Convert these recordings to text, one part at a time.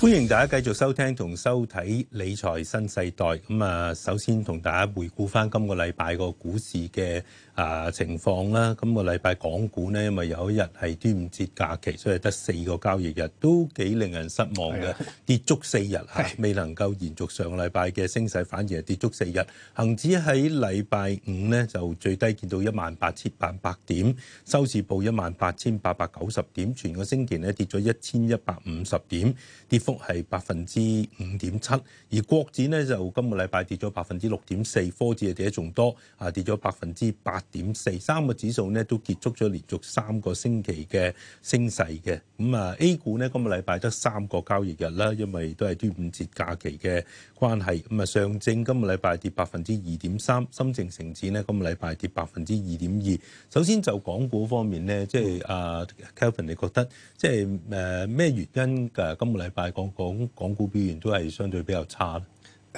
歡迎大家繼續收聽同收睇《理財新世代》。咁啊，首先同大家回顧翻今個禮拜個股市嘅啊情況啦，今個禮拜港股咧，因為有一日係端午節假期，所以得四個交易日，都幾令人失望嘅，跌足四日嚇，未能夠延續上個禮拜嘅升勢，反而係跌足四日。恆指喺禮拜五咧就最低見到一萬八千八百點，收市報一萬八千八百九十點，全個星期咧跌咗一千一百五十點，跌幅係百分之五點七。而國指咧就今個禮拜跌咗百分之六點四，科指嘅跌得仲多，啊跌咗百分之八點四三個指數咧都結束咗連續三個星期嘅升勢嘅。咁、嗯、啊 A 股咧今個禮拜得三個交易日啦，因為都係端午節假期嘅關係。咁、嗯、啊上證今個禮拜跌百分之二點三，深證成指咧今個禮拜跌百分之二點二。首先就港股方面呢，即係啊、uh, Kelvin，你覺得即係誒咩原因嘅今個禮拜個港港，港股表現都係相對比較差？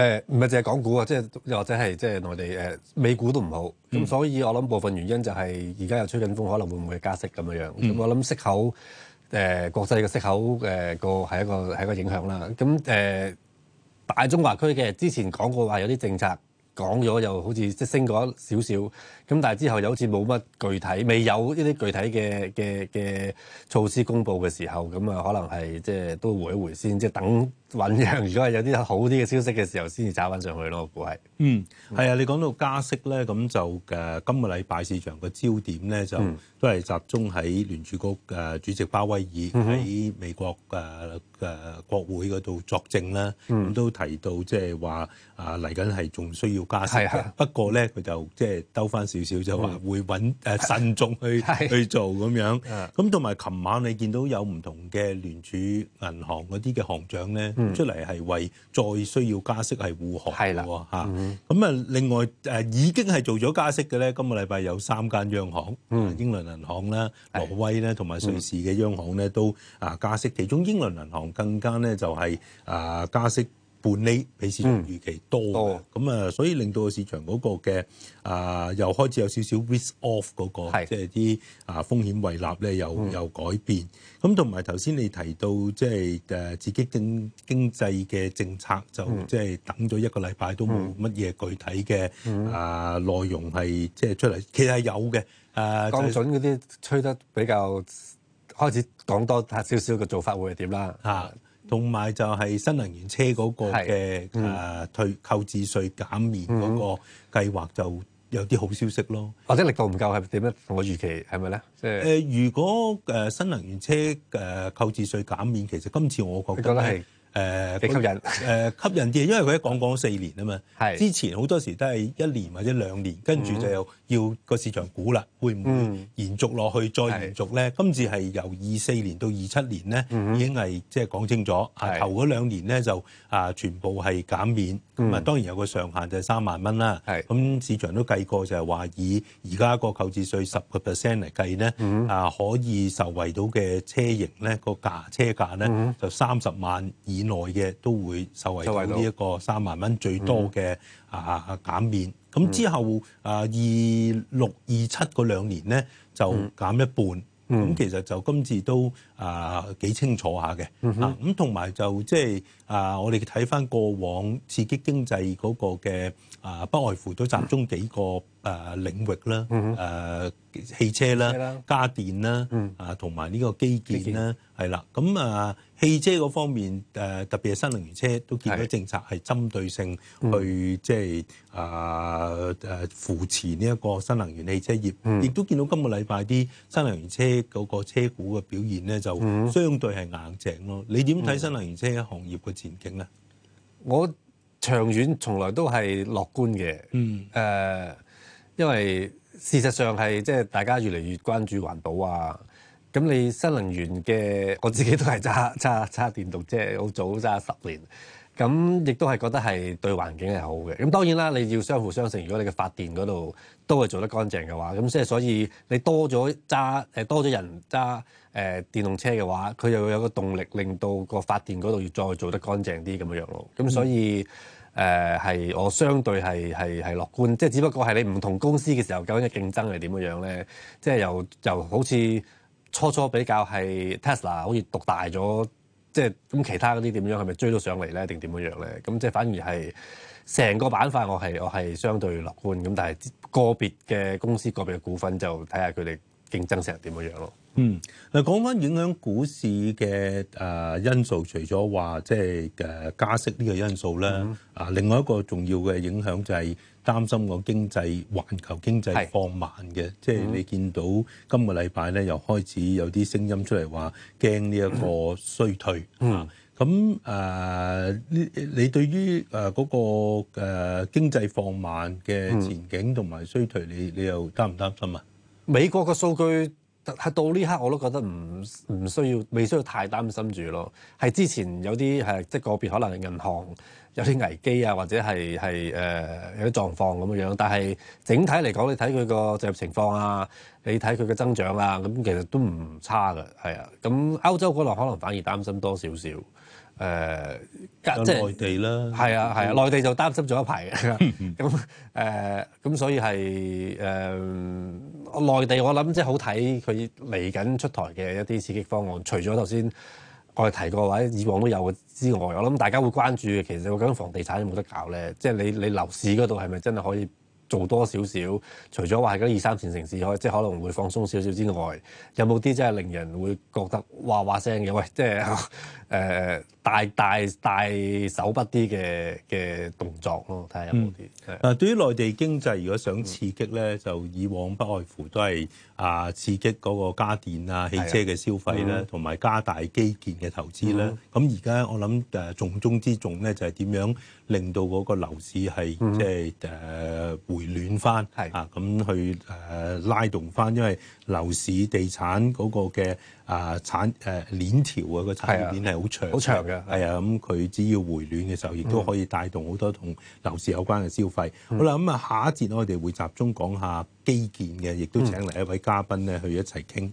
誒唔係淨係港股啊，即係又或者係即係內地誒、呃、美股都唔好，咁、嗯、所以我諗部分原因就係而家又吹緊風，可能會唔會加息咁樣樣。咁、嗯、我諗息口誒、呃、國際嘅息口誒個係一個係一個影響啦。咁、嗯、誒、呃、大中華區嘅之前講過話有啲政策講咗，講又好似即升咗少少，咁但係之後又好似冇乜具體，未有一啲具體嘅嘅嘅措施公布嘅時候，咁、嗯、啊可能係即係都回一回先，即係等。醖釀如果係有啲好啲嘅消息嘅時候，先至找翻上去咯，我估係。嗯，係啊，你講到加息咧，咁就誒今個禮拜市場個焦點咧，就都係集中喺聯儲局誒主席鮑威爾喺美國誒誒國會嗰度作證啦。嗯，都提到即係話啊嚟緊係仲需要加息。不過咧，佢就即係兜翻少少就話會揾誒慎重去去做咁樣。嗯。咁同埋琴晚你見到有唔同嘅聯儲銀行嗰啲嘅行長咧？嗯、出嚟係為再需要加息係護航嘅喎嚇，咁、嗯、啊另外誒、啊、已經係做咗加息嘅咧，今個禮拜有三間央行，嗯啊、英倫銀行啦、的挪威咧同埋瑞士嘅央行咧都啊加息，其中英倫銀行更加咧就係、是、啊加息。半厘比市場預期多，咁啊、嗯嗯，所以令到個市場嗰個嘅啊、呃，又開始有少少 risk off 嗰、那個，是即係啲啊風險胃納咧又有、嗯、改變。咁同埋頭先你提到即係誒自己經經濟嘅政策，就即係等咗一個禮拜都冇乜嘢具體嘅啊、嗯嗯呃、內容係即係出嚟。其實係有嘅，誒、呃就是、降準嗰啲吹得比較開始講多少少嘅做法會係點啦啊！同埋就係新能源車嗰個嘅誒退購置稅減免嗰個計劃，就有啲好消息咯。或者力度唔夠係點樣？同我預期係咪咧？即係誒，如果誒、呃、新能源車嘅購置稅減免，其實今次我覺得係。誒吸引，誒吸引啲，因為佢一講講四年啊嘛，之前好多時都係一年或者兩年，跟住就又要個市場估啦，會唔會延續落去再延續咧？今次係由二四年到二七年咧，已經係即係講清楚，頭嗰兩年咧就啊全部係減免，咁啊當然有個上限就係三萬蚊啦。咁市場都計過就係話以而家個購置稅十個 percent 嚟計咧，啊可以受惠到嘅車型咧個價車價咧就三十萬以內嘅都會受惠到呢一個三萬蚊最多嘅、嗯、啊減免，咁之後、嗯、啊二六二七嗰兩年咧就減一半，咁、嗯、其實就今次都啊幾清楚下嘅、嗯哼啊就是，啊咁同埋就即係啊我哋睇返過往刺激經濟嗰個嘅啊不外乎都集中幾個。誒、呃、領域啦，誒、呃、汽車啦、的家電啦，啊同埋呢個基建啦，係啦建。咁啊，汽車嗰方面，誒、呃、特別係新能源車，都見到政策係針對性去、嗯、即係啊誒扶持呢一個新能源汽車業，嗯、亦都見到今個禮拜啲新能源車嗰個車股嘅表現咧，就相對係硬淨咯。嗯、你點睇新能源車行業嘅前景咧？我長遠從來都係樂觀嘅，誒、嗯。嗯因為事實上係即係大家越嚟越關注環保啊，咁你新能源嘅我自己都係揸揸揸電動車，即係好早揸十年，咁亦都係覺得係對環境係好嘅。咁當然啦，你要相輔相成，如果你嘅發電嗰度都係做得乾淨嘅話，咁即係所以你多咗揸誒多咗人揸誒、呃、電動車嘅話，佢又有個動力令到個發電嗰度要再做得乾淨啲咁嘅樣咯。咁所以。嗯誒係、呃、我相對係係係樂觀，即係只不過係你唔同公司嘅時候究竟嘅競爭係點樣咧？即係又由好似初初比較係 Tesla 好似讀大咗，即係咁其他嗰啲點樣係咪追到上嚟咧？定點樣咧？咁即係反而係成個板塊我係我係相對樂觀咁，但係個別嘅公司個別嘅股份就睇下佢哋，競爭成點樣咯？嗯，嗱，講翻影響股市嘅誒因素，除咗話即係誒加息呢個因素咧，啊，另外一個重要嘅影響就係擔心個經濟、環球經濟放慢嘅。即係你見到今個禮拜咧，又開始有啲聲音出嚟話驚呢一個衰退。嗯，咁誒，你你對於誒嗰個誒經濟放慢嘅前景同埋衰退，你你又擔唔擔心啊？美國嘅數據係到呢刻我都覺得唔唔需要，未需要太擔心住咯。係之前有啲係即係個別可能銀行有啲危機啊，或者係係誒有啲狀況咁樣。但係整體嚟講，你睇佢個就業情況啊，你睇佢嘅增長啦，啊，咁其實都唔差㗎，係啊。咁歐洲嗰度可能反而擔心多少少。誒、呃，即係內地啦，係啊係啊，啊，內地就擔心咗一排嘅。咁誒、 嗯，咁、呃嗯、所以係誒、呃、內地，我諗即係好睇佢嚟緊出台嘅一啲刺激方案。除咗頭先我哋提過話，以往都有嘅之外，我諗大家會關注嘅，其實究竟房地產有冇得搞咧？即、就、係、是、你你樓市嗰度係咪真係可以？做多少少，除咗話喺啲二三線城市可，即係可能會放鬆少少之外，有冇啲即係令人會覺得哇哇聲嘅？喂，即係誒、呃、大大大手筆啲嘅嘅動作咯，睇下有冇啲。誒、嗯、的對於內地經濟如果想刺激咧，嗯、就以往不外乎都係啊刺激嗰個家電啊、汽車嘅消費咧，同埋的、嗯、加大基建嘅投資咧。咁而家我諗誒重中之重咧，就係點樣令到嗰個樓市係即係誒。嗯回暖翻，的啊咁去誒、呃、拉動翻，因為樓市、地產嗰個嘅啊、呃、產誒、呃、鏈條啊嗰產業鏈係好長，好長嘅，係啊，咁佢只要回暖嘅時候，亦都可以帶動好多同樓市有關嘅消費。嗯、好啦，咁、嗯、啊下一節我哋會集中講下基建嘅，亦都請嚟一位嘉賓咧去一齊傾。嗯嗯